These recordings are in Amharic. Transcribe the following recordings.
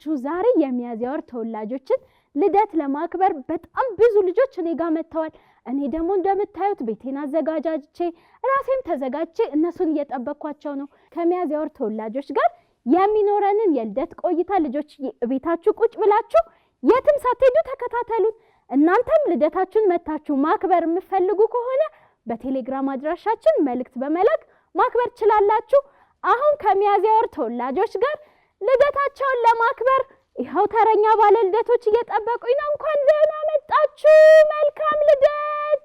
ይኸውላችሁ ዛሬ የሚያዝያ ወር ተወላጆችን ልደት ለማክበር በጣም ብዙ ልጆች እኔ ጋር መጥተዋል። እኔ ደግሞ እንደምታዩት ቤቴን አዘጋጃጅቼ ራሴም ተዘጋጅቼ እነሱን እየጠበቅኳቸው ነው። ከሚያዝያ ወር ተወላጆች ጋር የሚኖረንን የልደት ቆይታ ልጆች ቤታችሁ ቁጭ ብላችሁ የትም ሳትሄዱ ተከታተሉን። እናንተም ልደታችሁን መታችሁ ማክበር የምትፈልጉ ከሆነ በቴሌግራም አድራሻችን መልእክት በመላክ ማክበር ትችላላችሁ። አሁን ከሚያዝያ ወር ተወላጆች ጋር ልደታቸውን ለማክበር ይኸው ተረኛ ባለ ልደቶች እየጠበቁኝ ነው። እንኳን ደህና መጣችሁ። መልካም ልደት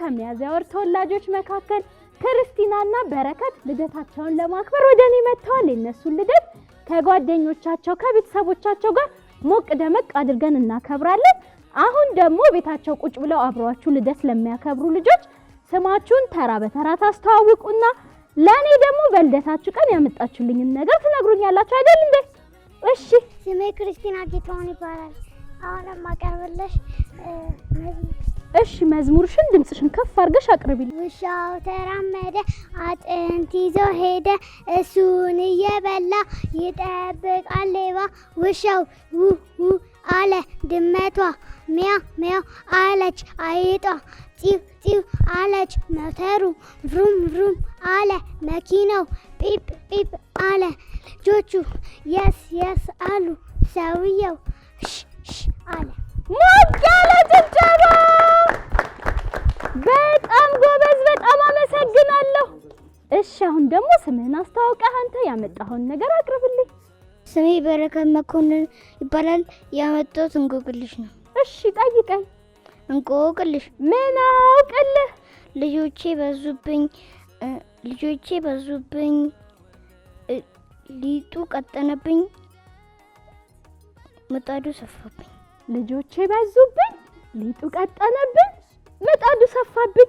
ከሚያዝያ ወር ተወላጆች መካከል ክርስቲናና በረከት ልደታቸውን ለማክበር ወደ እኔ መጥተዋል። የእነሱን ልደት ከጓደኞቻቸው ከቤተሰቦቻቸው ጋር ሞቅ ደመቅ አድርገን እናከብራለን። አሁን ደግሞ ቤታቸው ቁጭ ብለው አብረዋችሁ ልደት ለሚያከብሩ ልጆች ስማችሁን ተራ በተራ ታስተዋውቁና ለእኔ ደግሞ በልደታችሁ ቀን ያመጣችሁልኝን ነገር ትነግሩኛላችሁ አይደል እንዴ? እሺ። ስሜ ክርስቲና ጌታሁን ይባላል። አሁን ማቀርብልሽ እሺ መዝሙርሽን ድምፅሽን ከፍ አድርገሽ አቅርቢል። ውሻው ተራመደ አጥንት ይዞ ሄደ እሱን እየበላ ይጠብቃል ሌባ። ውሻው ውሁ አለ ድመቷ ሚያ ሚያ አለች አይጧ ጢው ጢው አለች መተሩ ቭሩም ቭሩም አለ መኪናው ጲፕ ጲፕ አለ ልጆቹ የስ የስ አሉ ሰውየው ሽ ሽ አለ ሞቅ ያለ በጣም ጎበዝ፣ በጣም አመሰግናለሁ። እሺ፣ አሁን ደግሞ ስምህን አስተዋውቀህ አንተ ያመጣኸውን ነገር አቅርብልኝ። ስሜ በረከት መኮንን ይባላል። ያመጣሁት እንቆቅልሽ ነው። እሺ፣ ጠይቀኝ። እንቆቅልሽ ምን አውቅልህ? ልጆቼ በዙብኝ፣ ልጆቼ በዙብኝ፣ ሊጡ ቀጠነብኝ፣ ምጣዱ ሰፋብኝ። ልጆቼ በዙብኝ፣ ሊጡ ቀጠነብኝ፣ ምጣዱ ሰፋብኝ።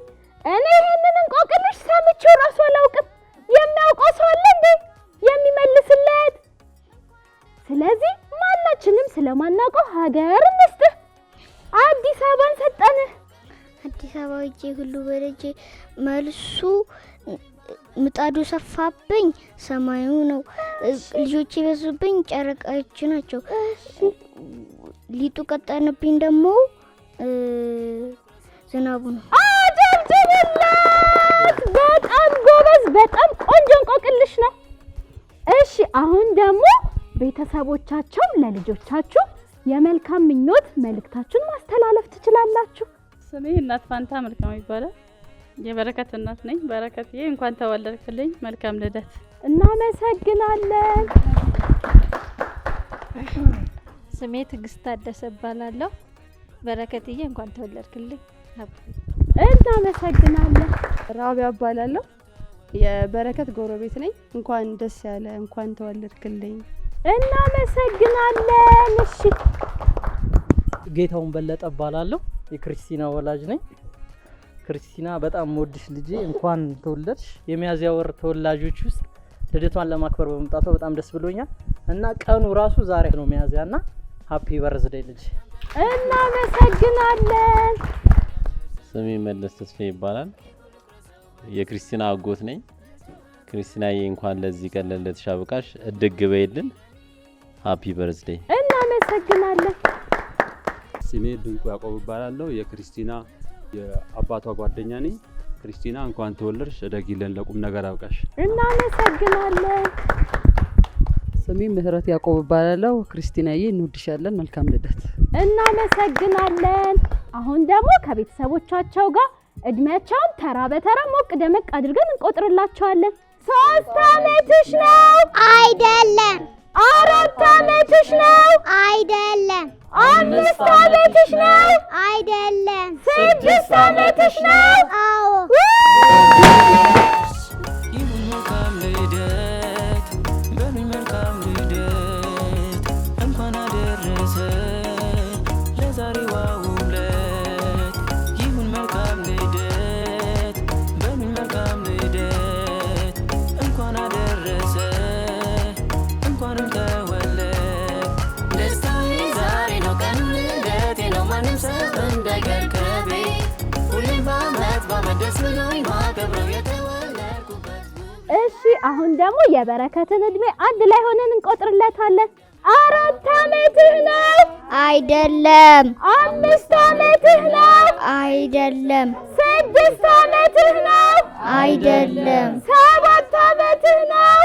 እኔ ይህንን እንቆቅልሽ ሰምቼው ራሱ አላውቅም። የሚያውቀው ሰው አለ እንዴ የሚመልስለት? ስለዚህ ማናችንም ስለማናውቀው ሀገር እንስጥህ። አዲስ አበባን ሰጠንህ። አዲስ አበባ እጄ ሁሉ በደጄ መልሱ ምጣዱ ሰፋብኝ ሰማዩ ነው። ልጆቼ በዙብኝ ጨረቃዎች ናቸው። ሊጡ ቀጠንብኝ ደግሞ ዝናቡ ነው። አደምጥልላት። በጣም ጎበዝ፣ በጣም ቆንጆ እንቆቅልሽ ነው። እሺ አሁን ደግሞ ቤተሰቦቻቸው ለልጆቻችሁ የመልካም ምኞት መልእክታችሁን ማስተላለፍ ትችላላችሁ። ስሜ እናት ፋንታ መልካም ይባላል። የበረከት እናት ነኝ። በረከትዬ እንኳን ተወለድክልኝ፣ መልካም ልደት። እናመሰግናለን። ስሜ ትዕግስት ታደሰ እባላለሁ። በረከትዬ እንኳን ተወለድክልኝ። እናመሰግናለን። ራቢያ እባላለሁ። የበረከት ጎረቤት ነኝ። እንኳን ደስ ያለ እንኳን ተወለድክልኝ። እናመሰግናለን። እሺ ጌታውን በለጠ እባላለሁ። የክርስቲና ወላጅ ነኝ። ክርስቲና በጣም ወድሽ ልጄ እንኳን ተወለድሽ። የሚያዝያ ወር ተወላጆች ውስጥ ልደቷን ለማክበር በመምጣቷ በጣም ደስ ብሎኛል እና ቀኑ ራሱ ዛሬ ነው ሚያዝያ እና ሀፒ በርዝዴይ ልጅ። እናመሰግናለን። ስሜ መለስ ተስፋ ይባላል። የክርስቲና አጎት ነኝ። ክርስቲናዬ እንኳን ለዚህ ቀን ለልደትሽ አብቃሽ፣ እድግ በይልን። ሀፒ በርዝዴይ። እናመሰግናለን። ስሜ ድንቁ ያቆብ ይባላለሁ። የክርስቲና የአባቷ ጓደኛ ነኝ። ክርስቲና እንኳን ተወለድሽ፣ እደጊልን፣ ለቁም ነገር አብቃሽ። እናመሰግናለን። ስሜ ምህረት ያዕቆብ እባላለሁ። ክርስቲናዬ እንወድሻለን። መልካም ልደት። እናመሰግናለን። አሁን ደግሞ ከቤተሰቦቻቸው ጋር እድሜያቸውን ተራ በተራ ሞቅ ደመቅ አድርገን እንቆጥርላቸዋለን። ሶስት አመትሽ ነው አይደለም? አራት አመትሽ ነው አይደለም? አምስት አመትሽ ነው አይደለም? ስድስት አመትሽ ነው? አዎ አሁን ደግሞ የበረከትን እድሜ አንድ ላይ ሆነን እንቆጥርለታለን። አራት ዓመትህ ነው አይደለም? አምስት ዓመትህ ነው አይደለም? ስድስት ዓመትህ ነው አይደለም? ሰባት ዓመትህ ነው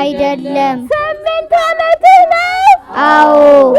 አይደለም? ስምንት ዓመትህ ነው? አዎ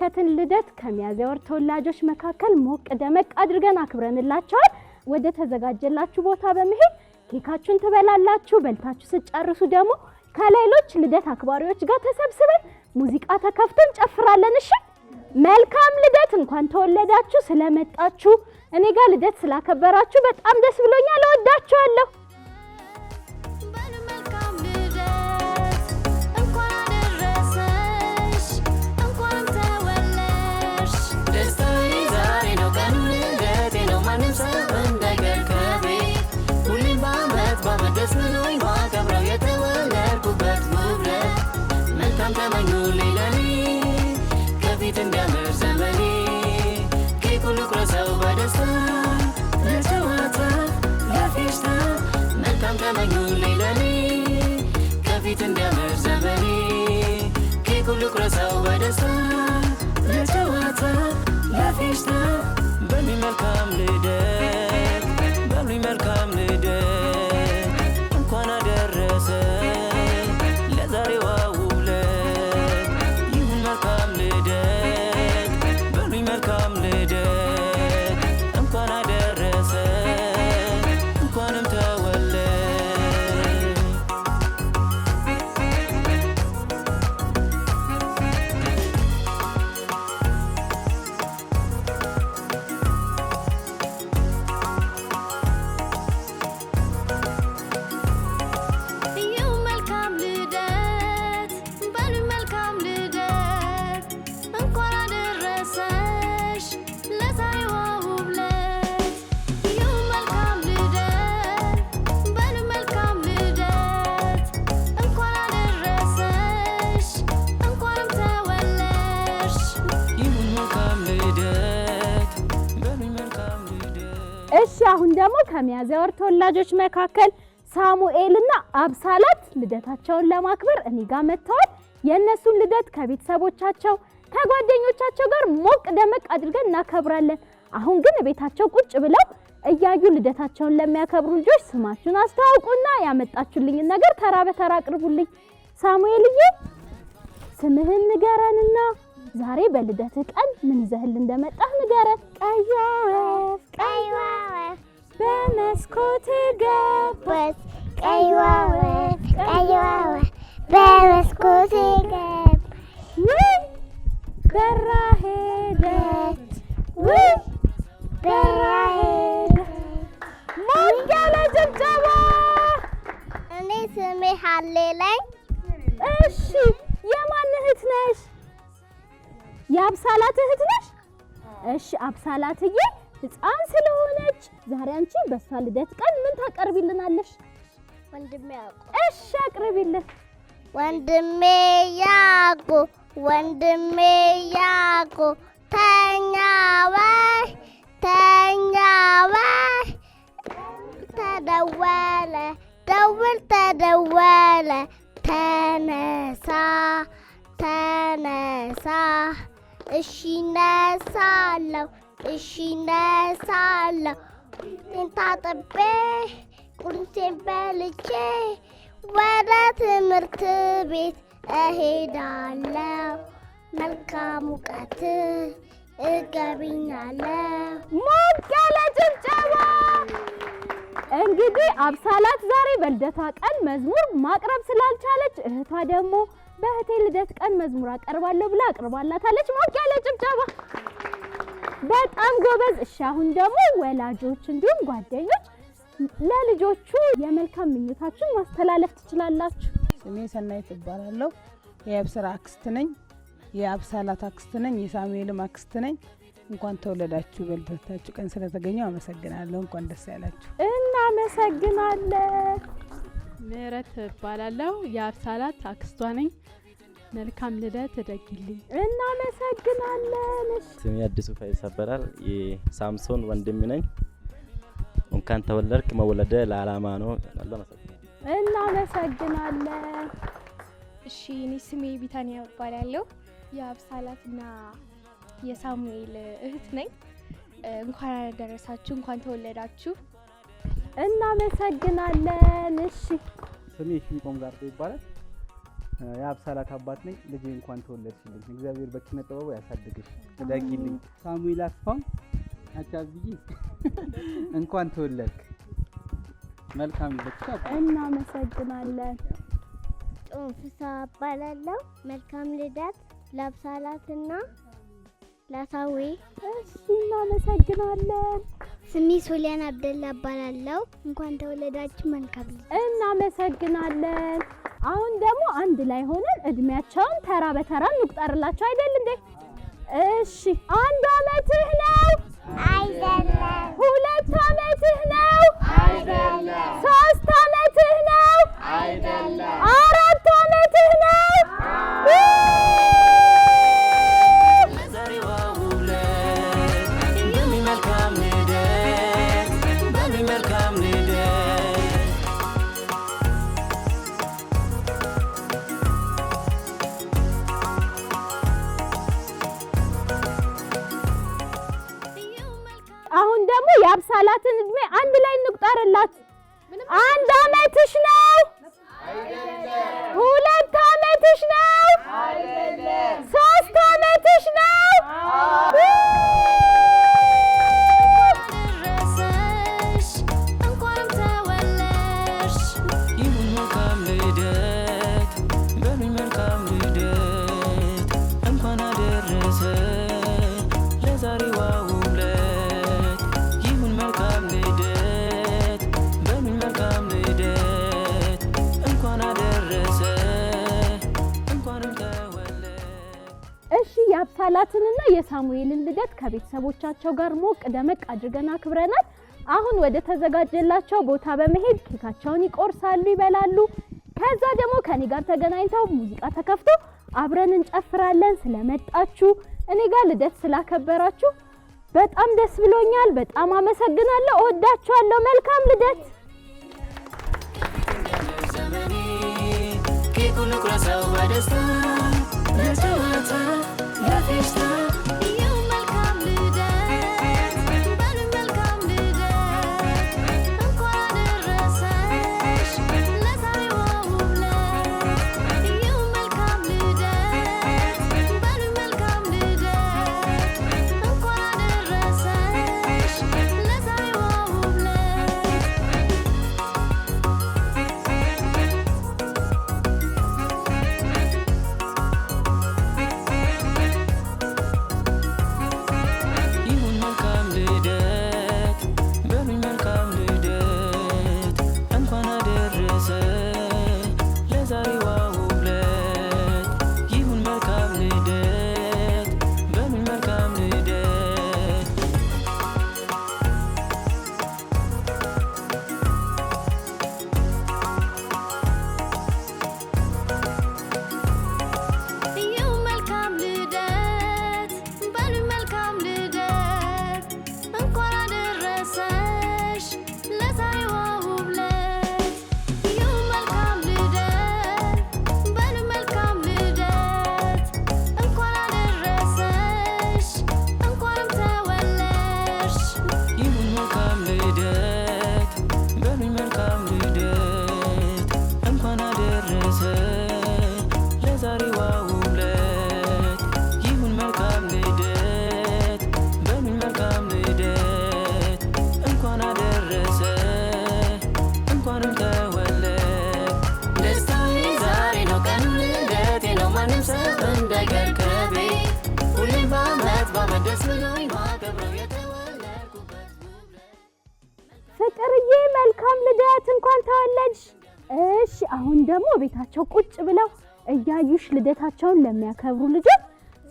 የበረከትን ልደት ከሚያዝያ ወር ተወላጆች መካከል ሞቅ ደመቅ አድርገን አክብረንላቸዋል። ወደ ተዘጋጀላችሁ ቦታ በመሄድ ኬካችሁን ትበላላችሁ። በልታችሁ ስጨርሱ ደግሞ ከሌሎች ልደት አክባሪዎች ጋር ተሰብስበን ሙዚቃ ተከፍቶ እንጨፍራለን። እሺ፣ መልካም ልደት! እንኳን ተወለዳችሁ። ስለመጣችሁ እኔ ጋር ልደት ስላከበራችሁ በጣም ደስ ብሎኛል። እወዳችኋለሁ። ማንም ሰው ሁሌም በአመት በአመት ደስ ብሎኝ ባከብረው የተወለድኩበት መልካም ተመኙ ከፊት እንዲያምር በደስታ ለጨዋታ ለፌሽታ መልካም ተመኙ ከፊት እንዲያምር በደስታ ለጨዋታ ለፌሽታ በሚመልካም እሺ አሁን ደግሞ ከሚያዝያ ወር ተወላጆች መካከል ሳሙኤልና አብሳላት ልደታቸውን ለማክበር እኔ ጋር መጥተዋል። የእነሱን ልደት ከቤተሰቦቻቸው ከጓደኞቻቸው ጋር ሞቅ ደመቅ አድርገን እናከብራለን። አሁን ግን ቤታቸው ቁጭ ብለው እያዩ ልደታቸውን ለሚያከብሩ ልጆች ስማችሁን አስተዋውቁና ያመጣችሁልኝን ነገር ተራ በተራ አቅርቡልኝ። ሳሙኤልዬ ስምህን ንገረንና ዛሬ በልደት ቀን ምን ይዘህል እንደመጣህ ንገረን። ቀይዋ ወፍ ቀይዋ ወፍ በመስኮት ገባች። ቀይዋ ወፍ ቀይዋ ወፍ በመስኮት ገባች። ምን በራ የአብሳላት እህት ነሽ? እሺ አብሳላትዬ፣ ህፃን ስለሆነች ዛሬ አንቺ በሷ ልደት ቀን ምን ታቀርቢልናለሽ? ወንድሜ ያዕቆብ። እሺ አቅርቢልን። ወንድሜ ያዕቆብ፣ ወንድሜ ያዕቆብ ተኛ ወይ ተኛ ወይ ተደወለ ደውል ተደወለ ተነሳ እሺ ነሳለሁ፣ እሺ ነሳለሁ። ቁርሴን ታጥቤ ቁርሴን በልቼ ወደ ትምህርት ቤት እሄዳለሁ። መልካም እውቀት እገቢኛለሁ። ሞቅ ያለ ጭብጨባ! እንግዲህ አብሳላት ዛሬ በልደታ ቀን መዝሙር ማቅረብ ስላልቻለች እህቷ ደግሞ በእህቴ ልደት ቀን መዝሙር አቀርባለሁ ብላ አቅርባላታለች። ሞቅ ያለ ጭብጨባ። በጣም ጎበዝ። እሺ፣ አሁን ደግሞ ወላጆች እንዲሁም ጓደኞች ለልጆቹ የመልካም ምኞታችሁን ማስተላለፍ ትችላላችሁ። ስሜ ሰናይት እባላለሁ። የአብስራ አክስት ነኝ። የአብሳላት አክስት ነኝ። የሳሙኤልም አክስት ነኝ። እንኳን ተወለዳችሁ በልደታችሁ ቀን ስለተገኘው አመሰግናለሁ። እንኳን ደስ ያላችሁ። እናመሰግናለን። ምህረት እባላለሁ። የአብሳላት አክስቷ ነኝ። መልካም ልደት እደግልኝ። እናመሰግናለን። ስሜ አዲሱ ፈይሳ ይባላል። የሳምሶን ወንድም ነኝ። እንኳን ተወለድክ። መወለደ ለዓላማ ነው። እናመሰግናለን። እሺ፣ እኔ ስሜ ቢታንያ እባላለሁ። የአብሳላትና የሳሙኤል እህት ነኝ። እንኳን አደረሳችሁ፣ እንኳን ተወለዳችሁ። እናመሰግናለን። እሺ ስሜ ሺቆም ጋርጦ ይባላል። የአብሳላት አባት ነኝ። ልጄ እንኳን ተወለድሽልኝ፣ እግዚአብሔር በኪነ ጥበቡ ያሳድግሽ። ዳጊልኝ ሳሙኤል አስፋም አቻብዬ እንኳን ተወለድክ። መልካም ልደት። እናመሰግናለን። ጦፍሳ እባላለሁ። መልካም ልደት ለአብሳላትና ለሳዊ። እሺ እናመሰግናለን። ስሜ ሶሊያን አብደላ እባላለሁ። እንኳን ተወለዳችሁ መልካም እናመሰግናለን። አሁን ደግሞ አንድ ላይ ሆነን እድሜያቸውን ተራ በተራ እንቁጠርላቸው አይደል እንዴ? እሺ፣ አንድ አመትህ ነው አይደለም? ሁለት አመትህ ነው አይደለም? ሶስት አመትህ ነው አይደለም? ቀረላት። አንድ አመትሽ ነው? ሁለት አመትሽ ነው? የሳሙኤልን ልደት ከቤተሰቦቻቸው ጋር ሞቅ ደመቅ አድርገን አክብረናል። አሁን ወደ ተዘጋጀላቸው ቦታ በመሄድ ኬካቸውን ይቆርሳሉ፣ ይበላሉ። ከዛ ደግሞ ከኔ ጋር ተገናኝተው ሙዚቃ ተከፍቶ አብረን እንጨፍራለን። ስለመጣችሁ እኔ ጋር ልደት ስላከበራችሁ በጣም ደስ ብሎኛል። በጣም አመሰግናለሁ። እወዳችኋለሁ። መልካም ልደት። ኬኩን በደስታ Let's go out, love is እንኳን ተወለድሽ። እሺ፣ አሁን ደግሞ ቤታቸው ቁጭ ብለው እያዩሽ ልደታቸውን ለሚያከብሩ ልጆች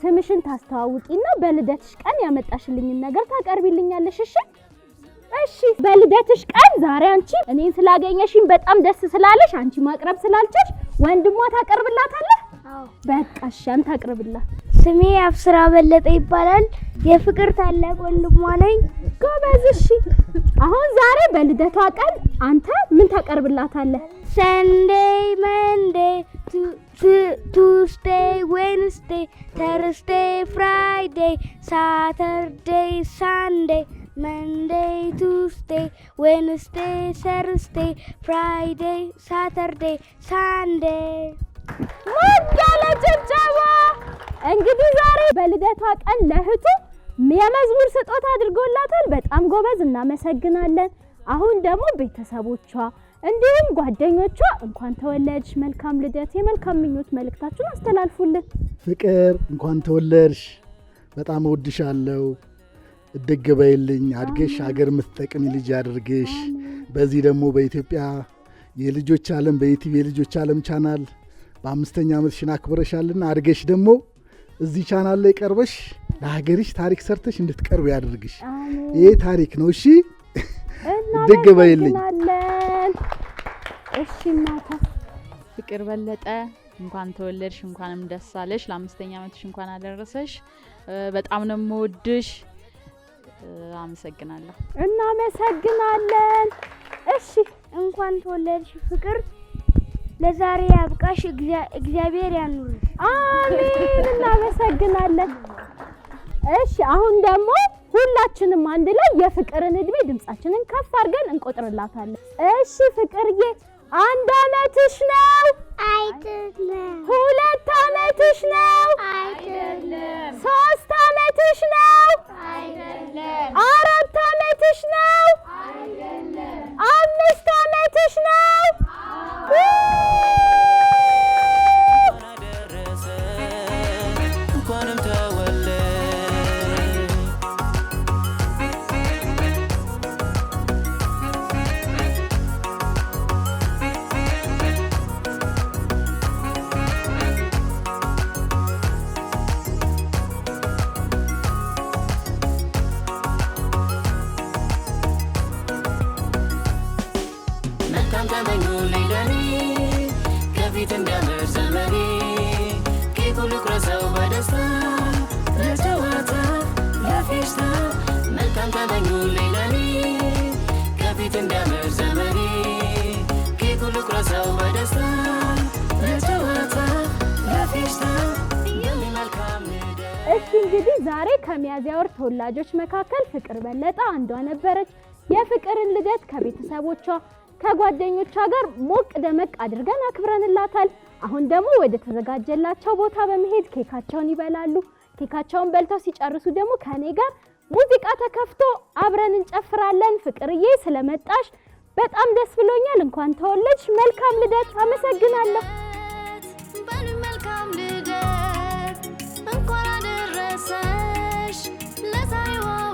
ስምሽን ታስተዋውቂና በልደትሽ ቀን ያመጣሽልኝን ነገር ታቀርቢልኛለሽ። እሺ እሺ። በልደትሽ ቀን ዛሬ አንቺ እኔን ስላገኘሽኝ በጣም ደስ ስላለሽ አንቺ ማቅረብ ስላልቻልሽ ወንድሟ ታቀርብላታለህ። በቃ እሺ፣ አንተ አቅርብላት። ስሜ አብስራ በለጠ ይባላል። የፍቅር ታላቅ ወንድሟ ነኝ። ጎበዝ። እሺ፣ አሁን ዛሬ በልደቷ ቀን አንተ ምን ታቀርብላታለህ? ሰንዴይ፣ መንዴይ፣ ቱስዴይ፣ ዌንስዴይ፣ ተርስዴይ፣ ፍራይዴይ፣ ሳተርዴይ፣ ሳንዴይ መንዴይ፣ ቱስዴይ፣ ዌንስዴይ፣ ተርስዴይ፣ ፍራይዴይ፣ ሳተርዴይ፣ ሳንዴይ። ሞቅ ያለ ጭብጨባ! እንግዲህ ዛሬ በልደቷ ቀን ለእህቱ የመዝሙር ስጦታ አድርጎላታል። በጣም ጎበዝ፣ እናመሰግናለን። አሁን ደግሞ ቤተሰቦቿ እንዲሁም ጓደኞቿ እንኳን ተወለድሽ መልካም ልደት የመልካም ምኞት መልእክታችሁን አስተላልፉልን። ፍቅር እንኳን ተወለድሽ፣ በጣም እወድሻለሁ። እድግ በይልኝ፣ አድገሽ ሀገር የምትጠቅሚ ልጅ ያድርግሽ። በዚህ ደግሞ በኢትዮጵያ የልጆች ዓለም በኢቲቪ የልጆች ዓለም ቻናል በአምስተኛ ዓመትሽን አክብረሻልና አድገሽ ደግሞ እዚህ ቻናል ላይ ቀርበሽ ለሀገርሽ ታሪክ ሰርተሽ እንድትቀርብ ያደርግሽ። ይሄ ታሪክ ነው። እሺ ድግ በይልኝ። እሺ እናታ ፍቅር በለጠ እንኳን ተወለድሽ፣ እንኳንም ደስ አለሽ። ለአምስተኛ ዓመትሽ እንኳን አደረሰሽ። በጣም ነው የምወድሽ። አመሰግናለሁ። እናመሰግናለን። እሺ እንኳን ተወለድሽ ፍቅር፣ ለዛሬ ያብቃሽ፣ እግዚአብሔር ያኑርሽ። አሜን። እናመሰግናለን። እሺ አሁን ደግሞ ሁላችንም አንድ ላይ የፍቅርን እድሜ ድምጻችንን ከፍ አድርገን እንቆጥርላታለን። እሺ ፍቅርዬ፣ አንድ አመትሽ ነው አይደለም? ሁለት አመትሽ ነው አይደለም? ሶስት አመትሽ ነው አይደለም? አራት አመትሽ ነው አይደለም? አምስት አመትሽ ነው እንግዲህ ዛሬ ከሚያዝያ ወር ተወላጆች መካከል ፍቅር በለጠ አንዷ ነበረች። የፍቅርን ልደት ከቤተሰቦቿ ከጓደኞቿ ጋር ሞቅ ደመቅ አድርገን አክብረንላታል። አሁን ደግሞ ወደ ተዘጋጀላቸው ቦታ በመሄድ ኬካቸውን ይበላሉ። ኬካቸውን በልተው ሲጨርሱ ደግሞ ከኔ ጋር ሙዚቃ ተከፍቶ አብረን እንጨፍራለን። ፍቅርዬ ስለመጣሽ በጣም ደስ ብሎኛል። እንኳን ተወለድሽ። መልካም ልደት። አመሰግናለሁ። unless I want.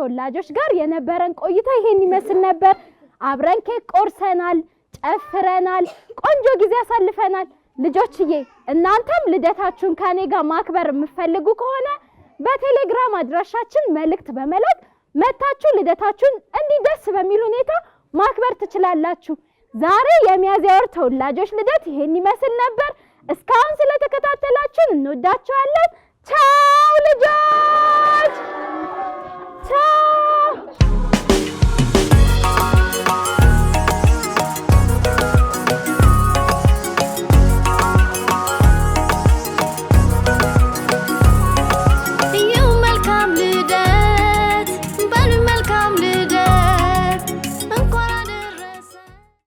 ተወላጆች ጋር የነበረን ቆይታ ይሄን ይመስል ነበር። አብረን ኬክ ቆርሰናል፣ ጨፍረናል፣ ቆንጆ ጊዜ አሳልፈናል። ልጆችዬ እናንተም ልደታችሁን ከኔ ጋር ማክበር የምትፈልጉ ከሆነ በቴሌግራም አድራሻችን መልእክት በመላክ መታችሁ ልደታችሁን እንዲህ ደስ በሚል ሁኔታ ማክበር ትችላላችሁ። ዛሬ የሚያዝያ ወር ተወላጆች ልደት ይሄን ይመስል ነበር። እስካሁን ስለተከታተላችሁን እንወዳችኋለን። ቻው ልጆች። 하